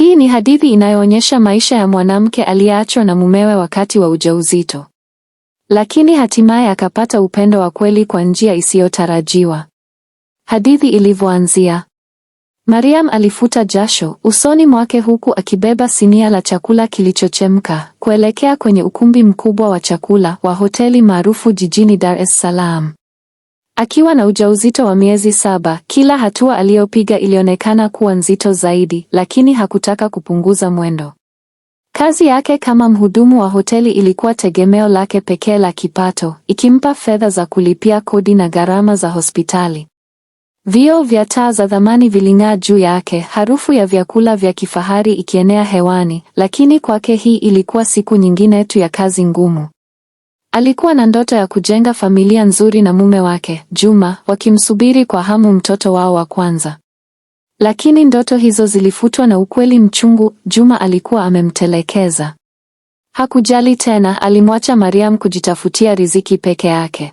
Hii ni hadithi inayoonyesha maisha ya mwanamke aliyeachwa na mumewe wakati wa ujauzito, lakini hatimaye akapata upendo wa kweli kwa njia isiyotarajiwa. Hadithi ilivyoanzia. Mariam alifuta jasho usoni mwake huku akibeba sinia la chakula kilichochemka kuelekea kwenye ukumbi mkubwa wa chakula wa hoteli maarufu jijini Dar es Salaam. Akiwa na ujauzito wa miezi saba, kila hatua aliyopiga ilionekana kuwa nzito zaidi, lakini hakutaka kupunguza mwendo. Kazi yake kama mhudumu wa hoteli ilikuwa tegemeo lake pekee la kipato, ikimpa fedha za kulipia kodi na gharama za hospitali. Vioo vya taa za thamani viling'aa juu yake, harufu ya vyakula vya kifahari ikienea hewani, lakini kwake hii ilikuwa siku nyingine tu ya kazi ngumu. Alikuwa na ndoto ya kujenga familia nzuri na mume wake, Juma, wakimsubiri kwa hamu mtoto wao wa kwanza. Lakini ndoto hizo zilifutwa na ukweli mchungu, Juma alikuwa amemtelekeza. Hakujali tena, alimwacha Mariam kujitafutia riziki peke yake.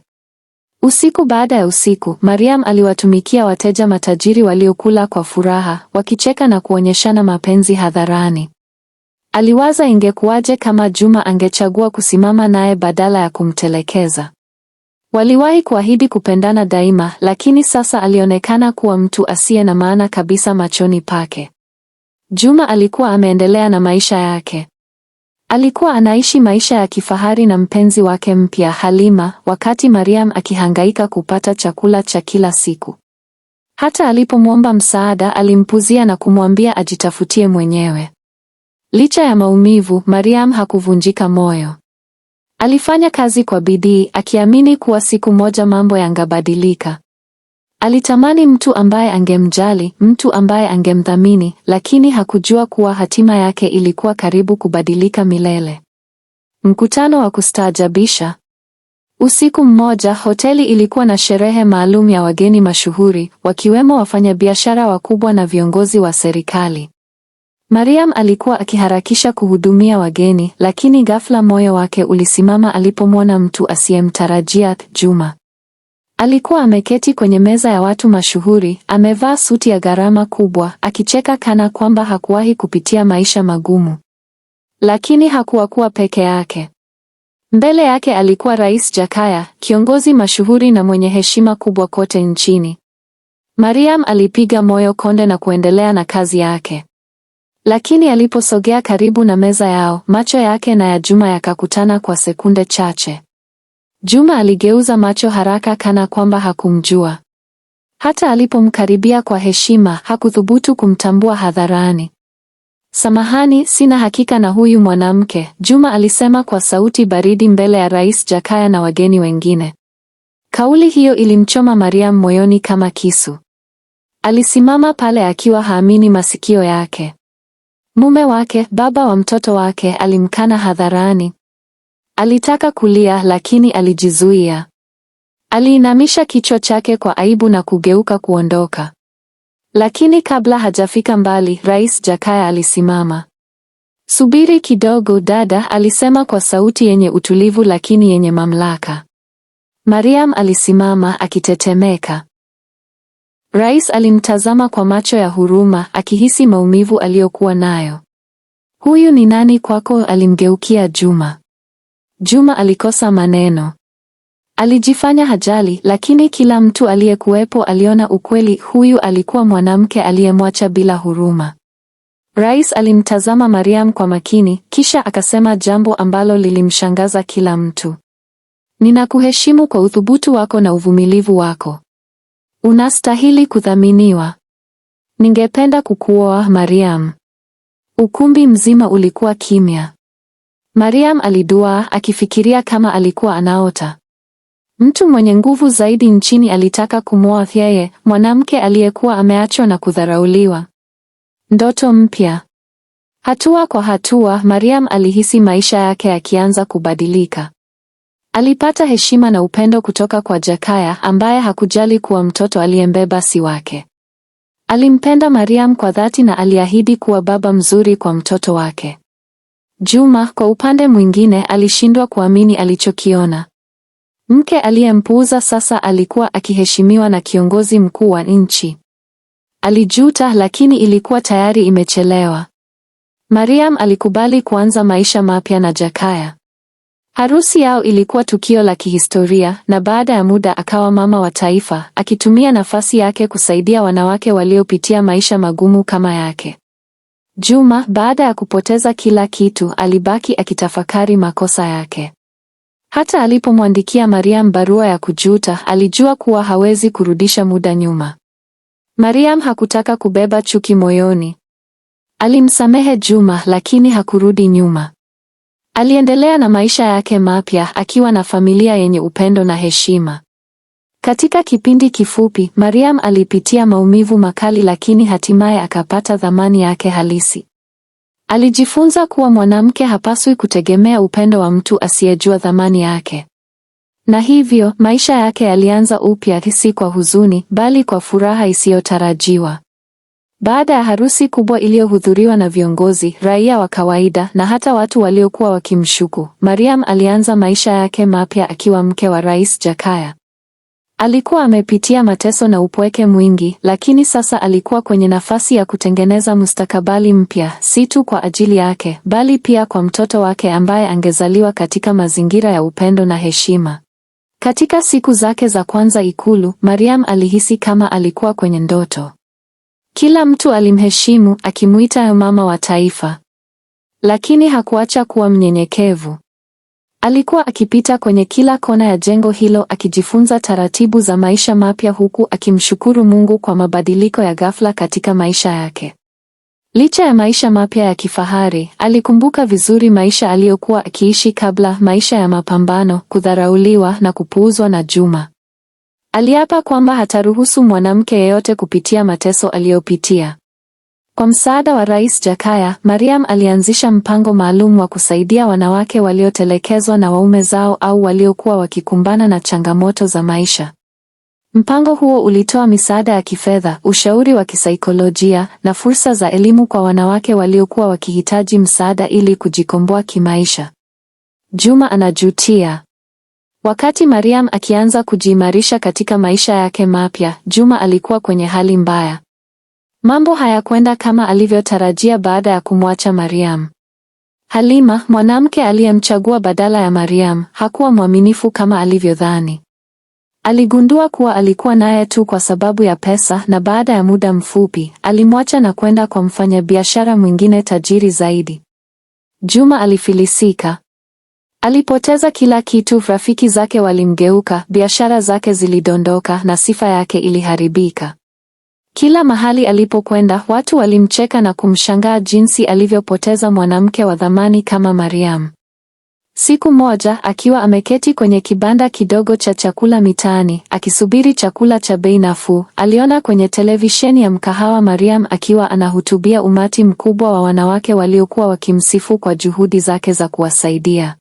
Usiku baada ya usiku, Mariam aliwatumikia wateja matajiri waliokula kwa furaha, wakicheka na kuonyeshana mapenzi hadharani. Aliwaza ingekuwaje kama Juma angechagua kusimama naye badala ya kumtelekeza. Waliwahi kuahidi kupendana daima, lakini sasa alionekana kuwa mtu asiye na maana kabisa machoni pake. Juma alikuwa ameendelea na maisha yake. Alikuwa anaishi maisha ya kifahari na mpenzi wake mpya Halima, wakati Mariam akihangaika kupata chakula cha kila siku. Hata alipomwomba msaada, alimpuzia na kumwambia ajitafutie mwenyewe. Licha ya maumivu, Mariam hakuvunjika moyo. Alifanya kazi kwa bidii akiamini kuwa siku moja mambo yangabadilika. Alitamani mtu ambaye angemjali, mtu ambaye angemdhamini, lakini hakujua kuwa hatima yake ilikuwa karibu kubadilika milele. Mkutano wa kustaajabisha. Usiku mmoja, hoteli ilikuwa na sherehe maalum ya wageni mashuhuri, wakiwemo wafanyabiashara wakubwa na viongozi wa serikali. Mariam alikuwa akiharakisha kuhudumia wageni, lakini ghafla moyo wake ulisimama alipomwona mtu asiyemtarajia Juma. Alikuwa ameketi kwenye meza ya watu mashuhuri, amevaa suti ya gharama kubwa, akicheka kana kwamba hakuwahi kupitia maisha magumu. Lakini hakuwakuwa peke yake. Mbele yake alikuwa Rais Jakaya, kiongozi mashuhuri na mwenye heshima kubwa kote nchini. Mariam alipiga moyo konde na kuendelea na kazi yake. Lakini aliposogea karibu na meza yao, macho yake na ya Juma yakakutana kwa sekunde chache. Juma aligeuza macho haraka kana kwamba hakumjua. Hata alipomkaribia kwa heshima, hakuthubutu kumtambua hadharani. Samahani, sina hakika na huyu mwanamke, Juma alisema kwa sauti baridi mbele ya Rais Jakaya na wageni wengine. Kauli hiyo ilimchoma Mariam moyoni kama kisu. Alisimama pale akiwa haamini masikio yake. Mume wake, baba wa mtoto wake, alimkana hadharani. Alitaka kulia lakini alijizuia. Aliinamisha kichwa chake kwa aibu na kugeuka kuondoka. Lakini kabla hajafika mbali, Rais Jakaya alisimama. Subiri kidogo dada, alisema kwa sauti yenye utulivu lakini yenye mamlaka. Mariam alisimama akitetemeka. Rais alimtazama kwa macho ya huruma, akihisi maumivu aliyokuwa nayo. Huyu ni nani kwako? Alimgeukia Juma. Juma alikosa maneno. Alijifanya hajali, lakini kila mtu aliyekuwepo aliona ukweli, huyu alikuwa mwanamke aliyemwacha bila huruma. Rais alimtazama Mariam kwa makini, kisha akasema jambo ambalo lilimshangaza kila mtu. Ninakuheshimu kwa uthubutu wako na uvumilivu wako. Unastahili kuthaminiwa. Ningependa kukuoa Mariam. Ukumbi mzima ulikuwa kimya. Mariam alidua akifikiria kama alikuwa anaota. Mtu mwenye nguvu zaidi nchini alitaka kumwoa yeye, mwanamke aliyekuwa ameachwa na kudharauliwa. Ndoto mpya. Hatua kwa hatua, Mariam alihisi maisha yake yakianza kubadilika. Alipata heshima na upendo kutoka kwa Jakaya ambaye hakujali kuwa mtoto aliyembeba si wake. Alimpenda Mariam kwa dhati na aliahidi kuwa baba mzuri kwa mtoto wake. Juma kwa upande mwingine alishindwa kuamini alichokiona. Mke aliyempuuza sasa alikuwa akiheshimiwa na kiongozi mkuu wa nchi. Alijuta lakini ilikuwa tayari imechelewa. Mariam alikubali kuanza maisha mapya na Jakaya. Harusi yao ilikuwa tukio la kihistoria na baada ya muda akawa mama wa taifa, akitumia nafasi yake kusaidia wanawake waliopitia maisha magumu kama yake. Juma, baada ya kupoteza kila kitu, alibaki akitafakari makosa yake. Hata alipomwandikia Mariam barua ya kujuta, alijua kuwa hawezi kurudisha muda nyuma. Mariam hakutaka kubeba chuki moyoni. Alimsamehe Juma, lakini hakurudi nyuma. Aliendelea na maisha yake mapya akiwa na familia yenye upendo na heshima. Katika kipindi kifupi, Mariam alipitia maumivu makali lakini hatimaye akapata thamani yake halisi. Alijifunza kuwa mwanamke hapaswi kutegemea upendo wa mtu asiyejua thamani yake. Na hivyo, maisha yake yalianza upya si kwa huzuni, bali kwa furaha isiyotarajiwa. Baada ya harusi kubwa iliyohudhuriwa na viongozi, raia wa kawaida na hata watu waliokuwa wakimshuku, Mariam alianza maisha yake mapya akiwa mke wa Rais Jakaya. Alikuwa amepitia mateso na upweke mwingi, lakini sasa alikuwa kwenye nafasi ya kutengeneza mustakabali mpya, si tu kwa ajili yake, bali pia kwa mtoto wake ambaye angezaliwa katika mazingira ya upendo na heshima. Katika siku zake za kwanza Ikulu, Mariam alihisi kama alikuwa kwenye ndoto. Kila mtu alimheshimu akimuita mama wa taifa, lakini hakuacha kuwa mnyenyekevu. Alikuwa akipita kwenye kila kona ya jengo hilo akijifunza taratibu za maisha mapya huku akimshukuru Mungu kwa mabadiliko ya ghafla katika maisha yake. Licha ya maisha mapya ya kifahari, alikumbuka vizuri maisha aliyokuwa akiishi kabla, maisha ya mapambano, kudharauliwa na kupuuzwa na Juma. Aliapa kwamba hataruhusu mwanamke yeyote kupitia mateso aliyopitia. Kwa msaada wa Rais Jakaya, Mariam alianzisha mpango maalum wa kusaidia wanawake waliotelekezwa na waume zao au waliokuwa wakikumbana na changamoto za maisha. Mpango huo ulitoa misaada ya kifedha, ushauri wa kisaikolojia na fursa za elimu kwa wanawake waliokuwa wakihitaji msaada ili kujikomboa kimaisha. Juma anajutia. Wakati Mariam akianza kujiimarisha katika maisha yake mapya, Juma alikuwa kwenye hali mbaya. Mambo hayakwenda kama alivyotarajia baada ya kumwacha Mariam. Halima, mwanamke aliyemchagua badala ya Mariam, hakuwa mwaminifu kama alivyodhani. Aligundua kuwa alikuwa naye tu kwa sababu ya pesa na baada ya muda mfupi, alimwacha na kwenda kwa mfanyabiashara mwingine tajiri zaidi. Juma alifilisika. Alipoteza kila kitu, rafiki zake walimgeuka, biashara zake zilidondoka na sifa yake iliharibika. Kila mahali alipokwenda, watu walimcheka na kumshangaa jinsi alivyopoteza mwanamke wa thamani kama Mariam. Siku moja akiwa ameketi kwenye kibanda kidogo cha chakula mitaani, akisubiri chakula cha bei nafuu, aliona kwenye televisheni ya mkahawa Mariam akiwa anahutubia umati mkubwa wa wanawake waliokuwa wakimsifu kwa juhudi zake za kuwasaidia.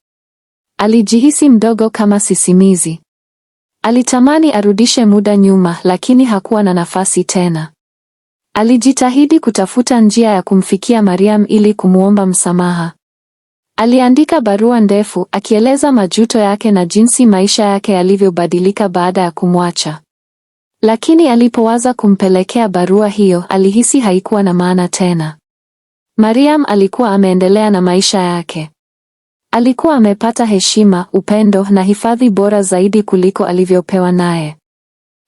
Alijihisi mdogo kama sisimizi. Alitamani arudishe muda nyuma, lakini hakuwa na nafasi tena. Alijitahidi kutafuta njia ya kumfikia Mariam ili kumwomba msamaha. Aliandika barua ndefu akieleza majuto yake na jinsi maisha yake yalivyobadilika baada ya kumwacha. Lakini alipowaza kumpelekea barua hiyo, alihisi haikuwa na maana tena. Mariam alikuwa ameendelea na maisha yake. Alikuwa amepata heshima, upendo na hifadhi bora zaidi kuliko alivyopewa naye.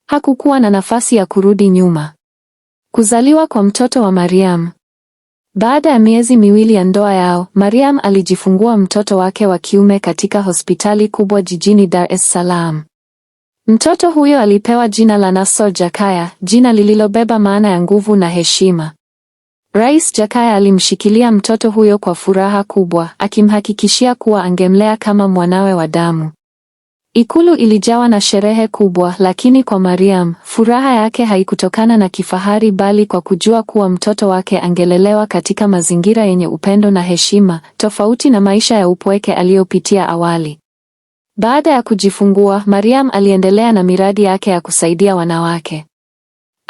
Hakukuwa na nafasi ya kurudi nyuma. Kuzaliwa kwa mtoto wa Mariam. Baada ya miezi miwili ya ndoa yao, Mariam alijifungua mtoto wake wa kiume katika hospitali kubwa jijini Dar es Salaam. Mtoto huyo alipewa jina la nasor Jakaya, jina lililobeba maana ya nguvu na heshima. Rais Jakaya alimshikilia mtoto huyo kwa furaha kubwa, akimhakikishia kuwa angemlea kama mwanawe wa damu. Ikulu ilijawa na sherehe kubwa, lakini kwa Mariam, furaha yake haikutokana na kifahari bali kwa kujua kuwa mtoto wake angelelewa katika mazingira yenye upendo na heshima, tofauti na maisha ya upweke aliyopitia awali. Baada ya kujifungua, Mariam aliendelea na miradi yake ya kusaidia wanawake.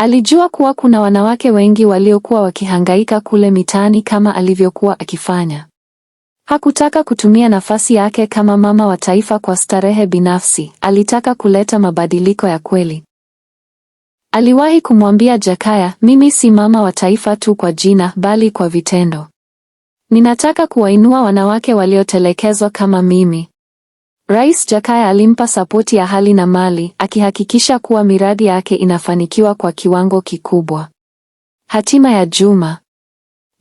Alijua kuwa kuna wanawake wengi waliokuwa wakihangaika kule mitaani kama alivyokuwa akifanya. Hakutaka kutumia nafasi yake kama mama wa taifa kwa starehe binafsi, alitaka kuleta mabadiliko ya kweli. Aliwahi kumwambia Jakaya, mimi si mama wa taifa tu kwa jina, bali kwa vitendo. Ninataka kuwainua wanawake waliotelekezwa kama mimi. Rais Jakaya alimpa sapoti ya hali na mali, akihakikisha kuwa miradi yake inafanikiwa kwa kiwango kikubwa. Hatima ya Juma.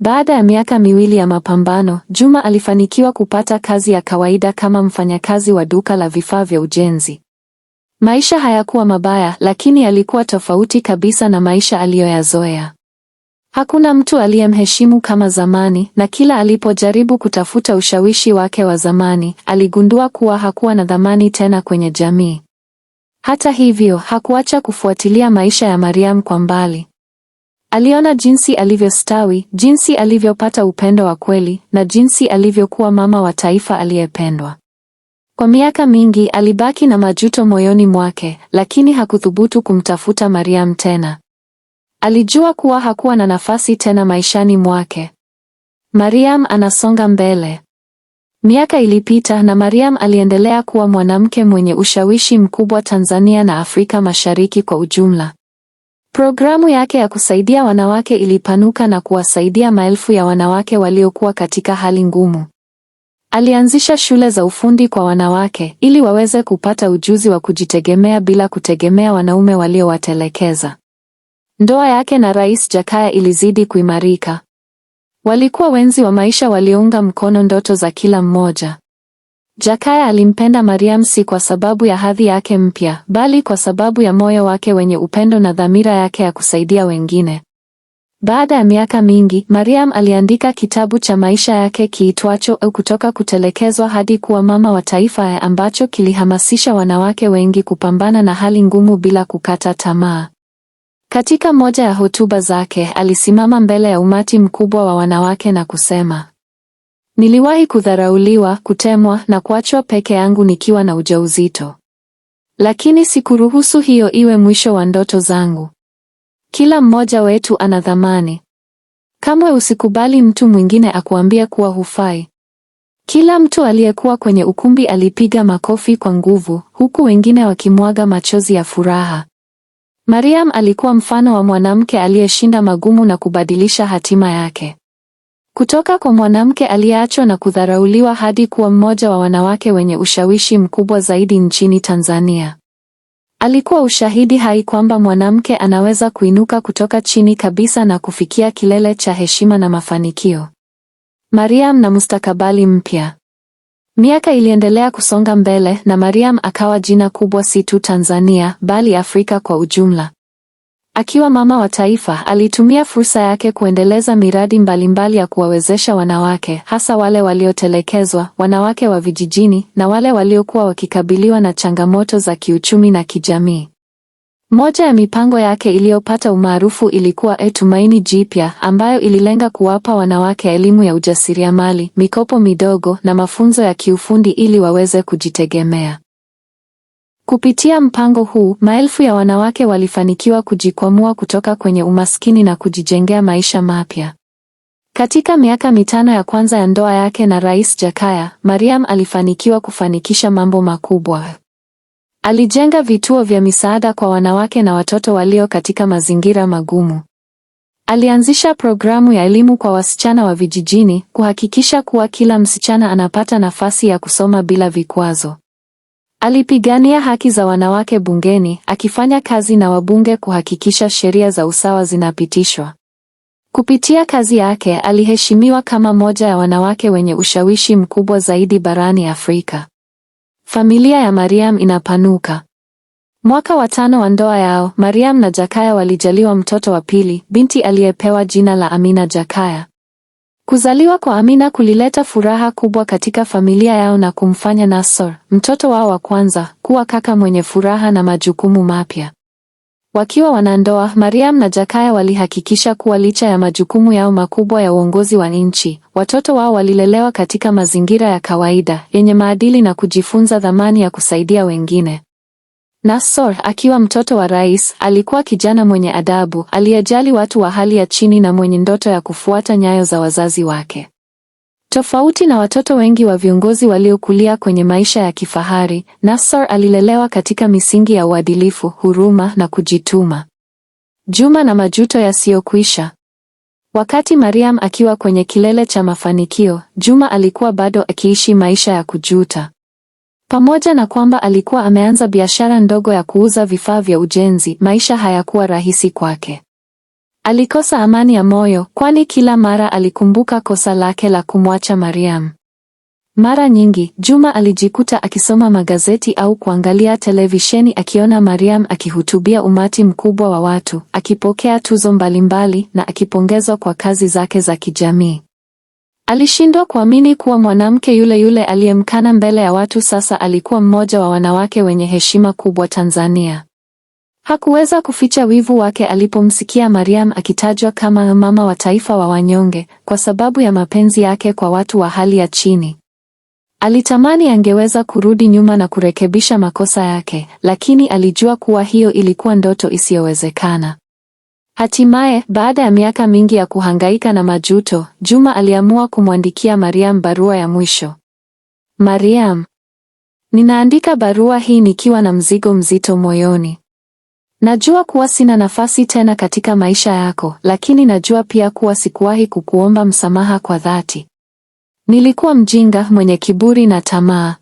Baada ya miaka miwili ya mapambano, Juma alifanikiwa kupata kazi ya kawaida kama mfanyakazi wa duka la vifaa vya ujenzi. Maisha hayakuwa mabaya, lakini yalikuwa tofauti kabisa na maisha aliyoyazoea. Hakuna mtu aliyemheshimu kama zamani, na kila alipojaribu kutafuta ushawishi wake wa zamani, aligundua kuwa hakuwa na dhamani tena kwenye jamii. Hata hivyo, hakuacha kufuatilia maisha ya Mariam kwa mbali. Aliona jinsi alivyostawi, jinsi alivyopata upendo wa kweli, na jinsi alivyokuwa mama wa taifa aliyependwa. Kwa miaka mingi alibaki na majuto moyoni mwake, lakini hakuthubutu kumtafuta Mariam tena. Alijua kuwa hakuwa na nafasi tena maishani mwake. Mariam anasonga mbele. Miaka ilipita na Mariam aliendelea kuwa mwanamke mwenye ushawishi mkubwa Tanzania na Afrika Mashariki kwa ujumla. Programu yake ya kusaidia wanawake ilipanuka na kuwasaidia maelfu ya wanawake waliokuwa katika hali ngumu. Alianzisha shule za ufundi kwa wanawake ili waweze kupata ujuzi wa kujitegemea bila kutegemea wanaume waliowatelekeza. Ndoa yake na Rais Jakaya ilizidi kuimarika. Walikuwa wenzi wa maisha waliounga mkono ndoto za kila mmoja. Jakaya alimpenda Mariam si kwa sababu ya hadhi yake mpya, bali kwa sababu ya moyo wake wenye upendo na dhamira yake ya kusaidia wengine. Baada ya miaka mingi, Mariam aliandika kitabu cha maisha yake kiitwacho Kutoka Kutelekezwa Hadi Kuwa Mama wa Taifa, ambacho kilihamasisha wanawake wengi kupambana na hali ngumu bila kukata tamaa. Katika moja ya hotuba zake alisimama mbele ya umati mkubwa wa wanawake na kusema, niliwahi kudharauliwa, kutemwa na kuachwa peke yangu nikiwa na ujauzito, lakini sikuruhusu hiyo iwe mwisho wa ndoto zangu. Kila mmoja wetu ana thamani. Kamwe usikubali mtu mwingine akuambia kuwa hufai. Kila mtu aliyekuwa kwenye ukumbi alipiga makofi kwa nguvu, huku wengine wakimwaga machozi ya furaha. Mariam alikuwa mfano wa mwanamke aliyeshinda magumu na kubadilisha hatima yake. Kutoka kwa mwanamke aliyeachwa na kudharauliwa hadi kuwa mmoja wa wanawake wenye ushawishi mkubwa zaidi nchini Tanzania. Alikuwa ushahidi hai kwamba mwanamke anaweza kuinuka kutoka chini kabisa na kufikia kilele cha heshima na mafanikio. Mariam na mustakabali mpya. Miaka iliendelea kusonga mbele na Mariam akawa jina kubwa si tu Tanzania bali Afrika kwa ujumla. Akiwa mama wa taifa, alitumia fursa yake kuendeleza miradi mbalimbali ya kuwawezesha wanawake, hasa wale waliotelekezwa, wanawake wa vijijini na wale waliokuwa wakikabiliwa na changamoto za kiuchumi na kijamii. Moja ya mipango yake iliyopata umaarufu ilikuwa E Tumaini Jipya, ambayo ililenga kuwapa wanawake elimu ya ujasiriamali, mikopo midogo na mafunzo ya kiufundi ili waweze kujitegemea. Kupitia mpango huu, maelfu ya wanawake walifanikiwa kujikwamua kutoka kwenye umaskini na kujijengea maisha mapya. Katika miaka mitano ya kwanza ya ndoa yake na Rais Jakaya, Mariam alifanikiwa kufanikisha mambo makubwa. Alijenga vituo vya misaada kwa wanawake na watoto walio katika mazingira magumu. Alianzisha programu ya elimu kwa wasichana wa vijijini kuhakikisha kuwa kila msichana anapata nafasi ya kusoma bila vikwazo. Alipigania haki za wanawake bungeni akifanya kazi na wabunge kuhakikisha sheria za usawa zinapitishwa. Kupitia kazi yake aliheshimiwa kama moja ya wanawake wenye ushawishi mkubwa zaidi barani Afrika. Familia ya Mariam inapanuka. Mwaka wa tano wa ndoa yao, Mariam na Jakaya walijaliwa mtoto wa pili, binti aliyepewa jina la Amina Jakaya. Kuzaliwa kwa Amina kulileta furaha kubwa katika familia yao na kumfanya nasor mtoto wao wa kwanza, kuwa kaka mwenye furaha na majukumu mapya. Wakiwa wanandoa, Mariam na Jakaya walihakikisha kuwa licha ya majukumu yao makubwa ya uongozi wa nchi, watoto wao walilelewa katika mazingira ya kawaida yenye maadili na kujifunza dhamani ya kusaidia wengine. Nassor akiwa mtoto wa rais, alikuwa kijana mwenye adabu, aliyejali watu wa hali ya chini na mwenye ndoto ya kufuata nyayo za wazazi wake. Tofauti na watoto wengi wa viongozi waliokulia kwenye maisha ya kifahari, Nassor alilelewa katika misingi ya uadilifu, huruma na kujituma. Juma na majuto yasiyokwisha. Wakati Mariam akiwa kwenye kilele cha mafanikio, Juma alikuwa bado akiishi maisha ya kujuta. Pamoja na kwamba alikuwa ameanza biashara ndogo ya kuuza vifaa vya ujenzi, maisha hayakuwa rahisi kwake. Alikosa amani ya moyo, kwani kila mara alikumbuka kosa lake la kumwacha Mariam. Mara nyingi Juma alijikuta akisoma magazeti au kuangalia televisheni akiona Mariam akihutubia umati mkubwa wa watu, akipokea tuzo mbalimbali na akipongezwa kwa kazi zake za kijamii. Alishindwa kuamini kuwa mwanamke yule yule aliyemkana mbele ya watu sasa alikuwa mmoja wa wanawake wenye heshima kubwa Tanzania. Hakuweza kuficha wivu wake alipomsikia Mariam akitajwa kama mama wa taifa wa wanyonge kwa sababu ya mapenzi yake kwa watu wa hali ya chini. Alitamani angeweza kurudi nyuma na kurekebisha makosa yake, lakini alijua kuwa hiyo ilikuwa ndoto isiyowezekana. Hatimaye, baada ya miaka mingi ya kuhangaika na majuto, Juma aliamua kumwandikia Mariam barua ya mwisho. Mariam, ninaandika barua hii nikiwa na mzigo mzito moyoni. Najua kuwa sina nafasi tena katika maisha yako, lakini najua pia kuwa sikuwahi kukuomba msamaha kwa dhati. Nilikuwa mjinga mwenye kiburi na tamaa.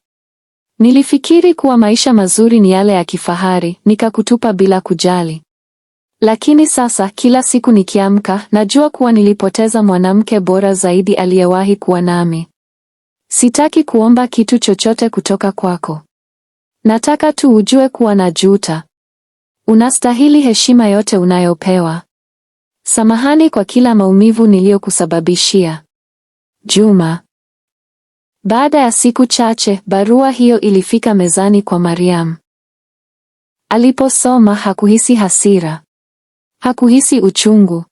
Nilifikiri kuwa maisha mazuri ni yale ya kifahari, nikakutupa bila kujali. Lakini sasa kila siku nikiamka, najua kuwa nilipoteza mwanamke bora zaidi aliyewahi kuwa nami. Sitaki kuomba kitu chochote kutoka kwako. Nataka tu ujue kuwa najuta. Unastahili heshima yote unayopewa. Samahani kwa kila maumivu niliyokusababishia. Juma. Baada ya siku chache, barua hiyo ilifika mezani kwa Mariam. Aliposoma hakuhisi hasira. Hakuhisi uchungu.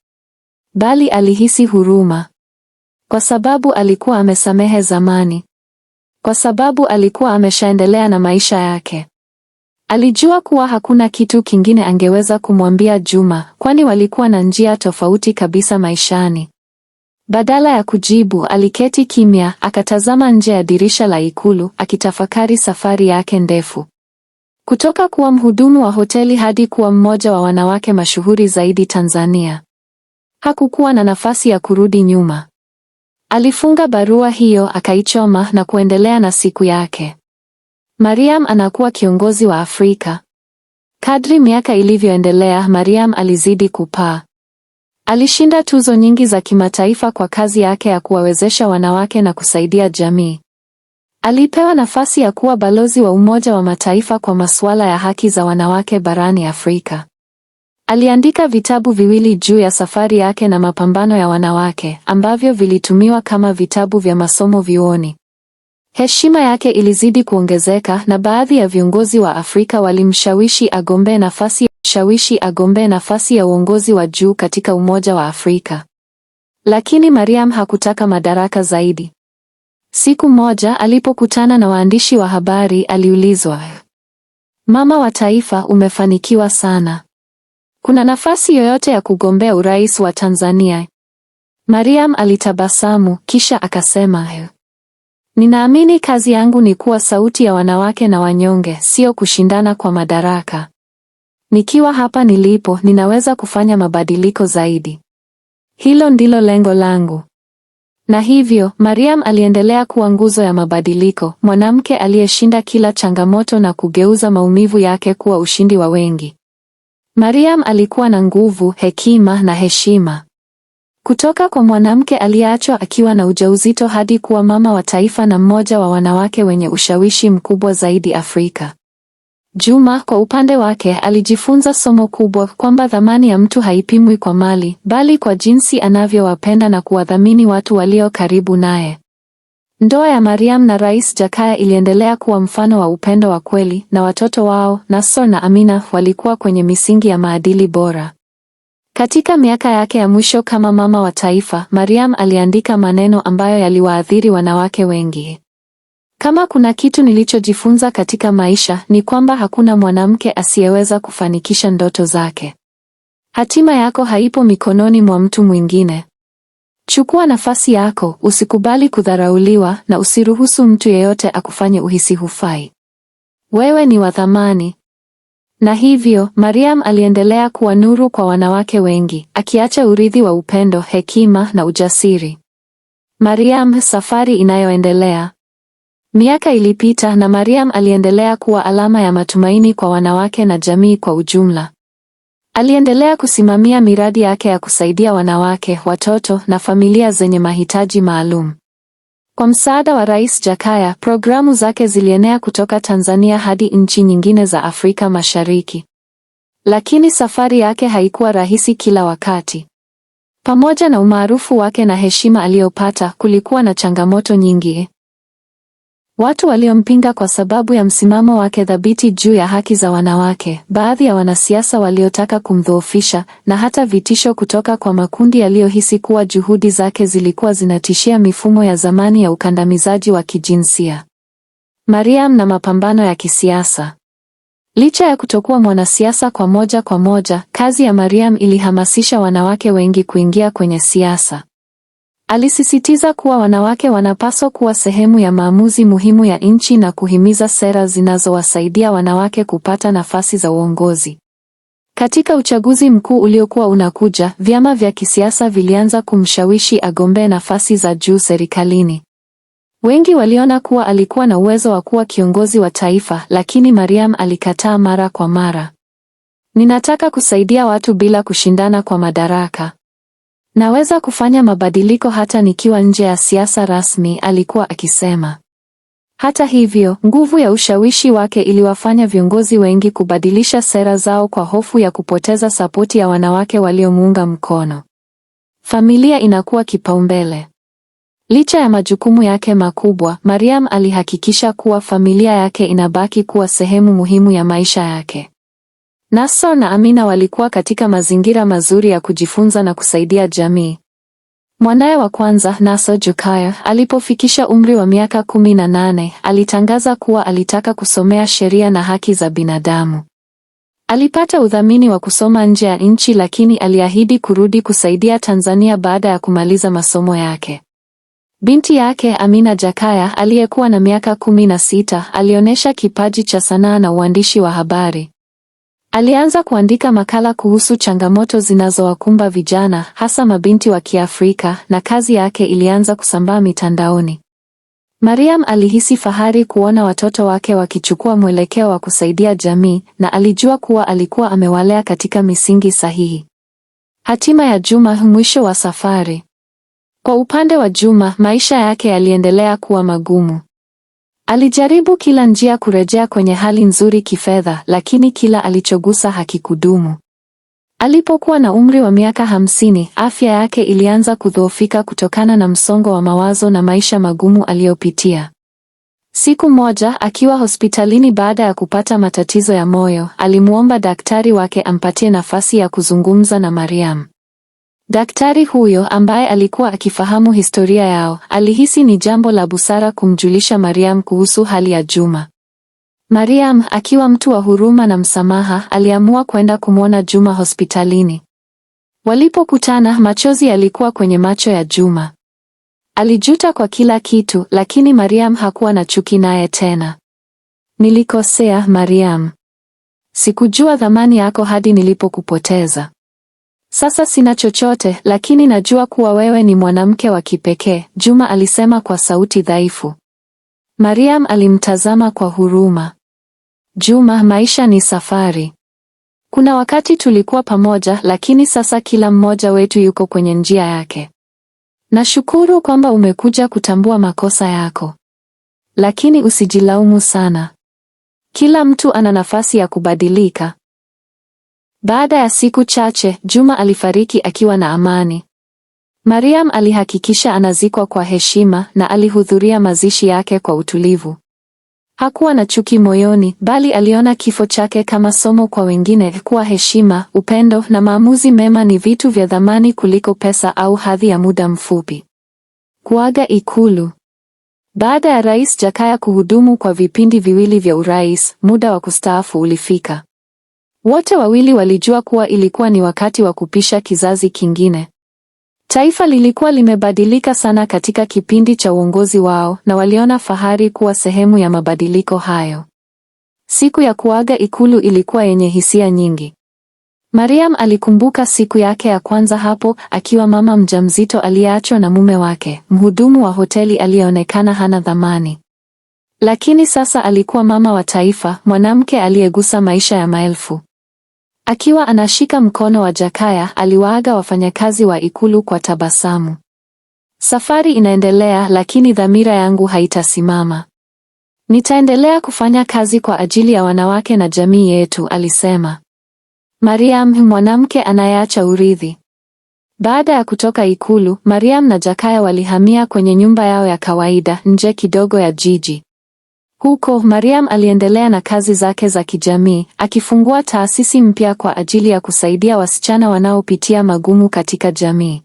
Bali alihisi huruma. Kwa sababu alikuwa amesamehe zamani. Kwa sababu alikuwa ameshaendelea na maisha yake. Alijua kuwa hakuna kitu kingine angeweza kumwambia Juma, kwani walikuwa na njia tofauti kabisa maishani. Badala ya kujibu, aliketi kimya, akatazama nje ya dirisha la ikulu, akitafakari safari yake ndefu. Kutoka kuwa mhudumu wa hoteli hadi kuwa mmoja wa wanawake mashuhuri zaidi Tanzania. Hakukuwa na nafasi ya kurudi nyuma. Alifunga barua hiyo, akaichoma na kuendelea na siku yake. Mariam anakuwa kiongozi wa Afrika. Kadri miaka ilivyoendelea, Mariam alizidi kupaa. Alishinda tuzo nyingi za kimataifa kwa kazi yake ya kuwawezesha wanawake na kusaidia jamii. Alipewa nafasi ya kuwa balozi wa Umoja wa Mataifa kwa masuala ya haki za wanawake barani Afrika. Aliandika vitabu viwili juu ya safari yake na mapambano ya wanawake ambavyo vilitumiwa kama vitabu vya masomo vyuoni. Heshima yake ilizidi kuongezeka na baadhi ya viongozi wa Afrika walimshawishi agombee nafasi shawishi agombee nafasi ya uongozi wa juu katika Umoja wa Afrika. Lakini Mariam hakutaka madaraka zaidi. Siku moja alipokutana na waandishi wa habari aliulizwa, Mama wa taifa, umefanikiwa sana. Kuna nafasi yoyote ya kugombea urais wa Tanzania? Mariam alitabasamu kisha akasema Ninaamini kazi yangu ni kuwa sauti ya wanawake na wanyonge, sio kushindana kwa madaraka. Nikiwa hapa nilipo, ninaweza kufanya mabadiliko zaidi. Hilo ndilo lengo langu. Na hivyo, Mariam aliendelea kuwa nguzo ya mabadiliko, mwanamke aliyeshinda kila changamoto na kugeuza maumivu yake kuwa ushindi wa wengi. Mariam alikuwa na nguvu, hekima na heshima. Kutoka kwa mwanamke aliyeachwa akiwa na ujauzito hadi kuwa mama wa taifa na mmoja wa wanawake wenye ushawishi mkubwa zaidi Afrika. Juma kwa upande wake alijifunza somo kubwa kwamba thamani ya mtu haipimwi kwa mali, bali kwa jinsi anavyowapenda na kuwadhamini watu walio karibu naye. Ndoa ya Mariam na Rais Jakaya iliendelea kuwa mfano wa upendo wa kweli, na watoto wao, Nassor na Amina, walikuwa kwenye misingi ya maadili bora. Katika miaka yake ya mwisho kama mama wa taifa, Mariam aliandika maneno ambayo yaliwaathiri wanawake wengi. Kama kuna kitu nilichojifunza katika maisha ni kwamba hakuna mwanamke asiyeweza kufanikisha ndoto zake. Hatima yako haipo mikononi mwa mtu mwingine. Chukua nafasi yako, usikubali kudharauliwa na usiruhusu mtu yeyote akufanye uhisi hufai. Wewe ni wa thamani. Na hivyo, Mariam aliendelea kuwa nuru kwa wanawake wengi, akiacha urithi wa upendo, hekima na ujasiri. Mariam, safari inayoendelea. Miaka ilipita na Mariam aliendelea kuwa alama ya matumaini kwa wanawake na jamii kwa ujumla. Aliendelea kusimamia miradi yake ya kusaidia wanawake, watoto na familia zenye mahitaji maalum. Kwa msaada wa Rais Jakaya, programu zake zilienea kutoka Tanzania hadi nchi nyingine za Afrika Mashariki. Lakini safari yake haikuwa rahisi kila wakati. Pamoja na umaarufu wake na heshima aliyopata, kulikuwa na changamoto nyingi. Watu waliompinga kwa sababu ya msimamo wake thabiti juu ya haki za wanawake, baadhi ya wanasiasa waliotaka kumdhoofisha, na hata vitisho kutoka kwa makundi yaliyohisi kuwa juhudi zake zilikuwa zinatishia mifumo ya zamani ya ukandamizaji wa kijinsia. Mariam na mapambano ya kisiasa. Licha ya kutokuwa mwanasiasa kwa moja kwa moja, kazi ya Mariam ilihamasisha wanawake wengi kuingia kwenye siasa. Alisisitiza kuwa wanawake wanapaswa kuwa sehemu ya maamuzi muhimu ya nchi na kuhimiza sera zinazowasaidia wanawake kupata nafasi za uongozi. Katika uchaguzi mkuu uliokuwa unakuja, vyama vya kisiasa vilianza kumshawishi agombee nafasi za juu serikalini. Wengi waliona kuwa alikuwa na uwezo wa kuwa kiongozi wa taifa, lakini Mariam alikataa mara kwa mara. Ninataka kusaidia watu bila kushindana kwa madaraka. Naweza kufanya mabadiliko hata nikiwa nje ya siasa rasmi, alikuwa akisema. Hata hivyo, nguvu ya ushawishi wake iliwafanya viongozi wengi kubadilisha sera zao kwa hofu ya kupoteza sapoti ya wanawake waliomuunga mkono. Familia inakuwa kipaumbele. Licha ya majukumu yake makubwa, Mariam alihakikisha kuwa familia yake inabaki kuwa sehemu muhimu ya maisha yake. Nasor na Amina walikuwa katika mazingira mazuri ya kujifunza na kusaidia jamii. Mwanaye wa kwanza, Nasor Jukaya, alipofikisha umri wa miaka kumi na nane, alitangaza kuwa alitaka kusomea sheria na haki za binadamu. Alipata udhamini wa kusoma nje ya nchi lakini aliahidi kurudi kusaidia Tanzania baada ya kumaliza masomo yake. Binti yake Amina Jakaya aliyekuwa na miaka kumi na sita alionyesha kipaji cha sanaa na uandishi wa habari. Alianza kuandika makala kuhusu changamoto zinazowakumba vijana, hasa mabinti wa Kiafrika, na kazi yake ilianza kusambaa mitandaoni. Mariam alihisi fahari kuona watoto wake wakichukua mwelekeo wa kusaidia jamii, na alijua kuwa alikuwa amewalea katika misingi sahihi. Hatima ya Juma, mwisho wa safari. Kwa upande wa Juma, maisha yake yaliendelea kuwa magumu. Alijaribu kila njia kurejea kwenye hali nzuri kifedha, lakini kila alichogusa hakikudumu. Alipokuwa na umri wa miaka hamsini, afya yake ilianza kudhoofika kutokana na msongo wa mawazo na maisha magumu aliyopitia. Siku moja akiwa hospitalini baada ya kupata matatizo ya moyo, alimwomba daktari wake ampatie nafasi ya kuzungumza na Mariam. Daktari huyo ambaye alikuwa akifahamu historia yao, alihisi ni jambo la busara kumjulisha Mariam kuhusu hali ya Juma. Mariam akiwa mtu wa huruma na msamaha, aliamua kwenda kumwona Juma hospitalini. Walipokutana, machozi yalikuwa kwenye macho ya Juma. Alijuta kwa kila kitu, lakini Mariam hakuwa na chuki naye tena. Nilikosea Mariam. Sikujua thamani yako hadi nilipokupoteza. Sasa sina chochote, lakini najua kuwa wewe ni mwanamke wa kipekee, Juma alisema kwa sauti dhaifu. Mariam alimtazama kwa huruma. Juma, maisha ni safari. Kuna wakati tulikuwa pamoja, lakini sasa kila mmoja wetu yuko kwenye njia yake. Nashukuru kwamba umekuja kutambua makosa yako, lakini usijilaumu sana. Kila mtu ana nafasi ya kubadilika. Baada ya siku chache, Juma alifariki akiwa na amani. Mariam alihakikisha anazikwa kwa heshima na alihudhuria mazishi yake kwa utulivu. Hakuwa na chuki moyoni, bali aliona kifo chake kama somo kwa wengine kuwa heshima, upendo na maamuzi mema ni vitu vya thamani kuliko pesa au hadhi ya muda mfupi. Kuaga Ikulu. Baada ya Rais Jakaya kuhudumu kwa vipindi viwili vya urais, muda wa kustaafu ulifika. Wote wawili walijua kuwa ilikuwa ni wakati wa kupisha kizazi kingine. Taifa lilikuwa limebadilika sana katika kipindi cha uongozi wao na waliona fahari kuwa sehemu ya mabadiliko hayo. Siku ya kuaga Ikulu ilikuwa yenye hisia nyingi. Mariam alikumbuka siku yake ya kwanza hapo akiwa mama mjamzito aliyeachwa na mume wake, mhudumu wa hoteli aliyeonekana hana dhamani. Lakini sasa alikuwa mama wa taifa, mwanamke aliyegusa maisha ya maelfu. Akiwa anashika mkono wa Jakaya, aliwaaga wafanyakazi wa ikulu kwa tabasamu. Safari inaendelea, lakini dhamira yangu haitasimama. Nitaendelea kufanya kazi kwa ajili ya wanawake na jamii yetu, alisema. Mariam, mwanamke anayeacha urithi. Baada ya kutoka ikulu, Mariam na Jakaya walihamia kwenye nyumba yao ya kawaida nje kidogo ya jiji. Huko Mariam aliendelea na kazi zake za kijamii, akifungua taasisi mpya kwa ajili ya kusaidia wasichana wanaopitia magumu katika jamii.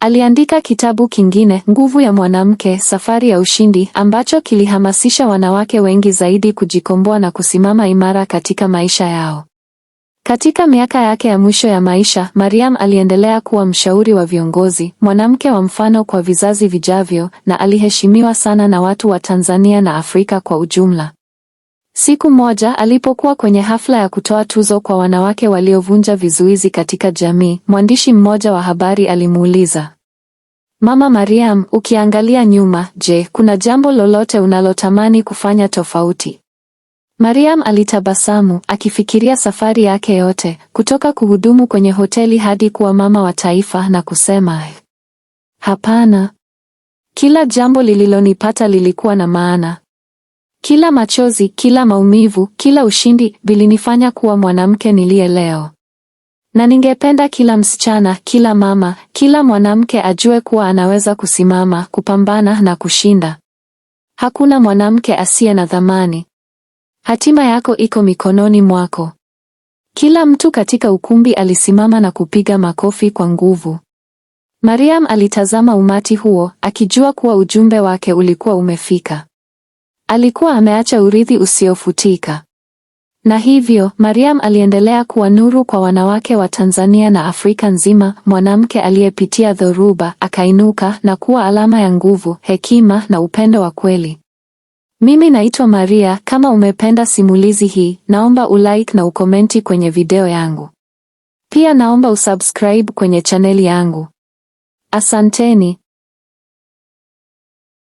Aliandika kitabu kingine, Nguvu ya Mwanamke, Safari ya Ushindi, ambacho kilihamasisha wanawake wengi zaidi kujikomboa na kusimama imara katika maisha yao. Katika miaka yake ya mwisho ya maisha, Mariam aliendelea kuwa mshauri wa viongozi, mwanamke wa mfano kwa vizazi vijavyo, na aliheshimiwa sana na watu wa Tanzania na Afrika kwa ujumla. Siku moja alipokuwa kwenye hafla ya kutoa tuzo kwa wanawake waliovunja vizuizi katika jamii, mwandishi mmoja wa habari alimuuliza, Mama Mariam, ukiangalia nyuma, je, kuna jambo lolote unalotamani kufanya tofauti? Mariam alitabasamu akifikiria safari yake yote kutoka kuhudumu kwenye hoteli hadi kuwa mama wa taifa na kusema hapana. Kila jambo lililonipata lilikuwa na maana. Kila machozi, kila maumivu, kila ushindi vilinifanya kuwa mwanamke niliye leo. Na ningependa kila msichana, kila mama, kila mwanamke ajue kuwa anaweza kusimama, kupambana na kushinda. Hakuna mwanamke asiye na thamani. Hatima yako iko mikononi mwako. Kila mtu katika ukumbi alisimama na kupiga makofi kwa nguvu. Mariam alitazama umati huo, akijua kuwa ujumbe wake ulikuwa umefika. Alikuwa ameacha urithi usiofutika. Na hivyo, Mariam aliendelea kuwa nuru kwa wanawake wa Tanzania na Afrika nzima, mwanamke aliyepitia dhoruba, akainuka na kuwa alama ya nguvu, hekima na upendo wa kweli. Mimi naitwa Maria. Kama umependa simulizi hii, naomba ulike na ukomenti kwenye video yangu. Pia naomba usubscribe kwenye chaneli yangu. Asanteni.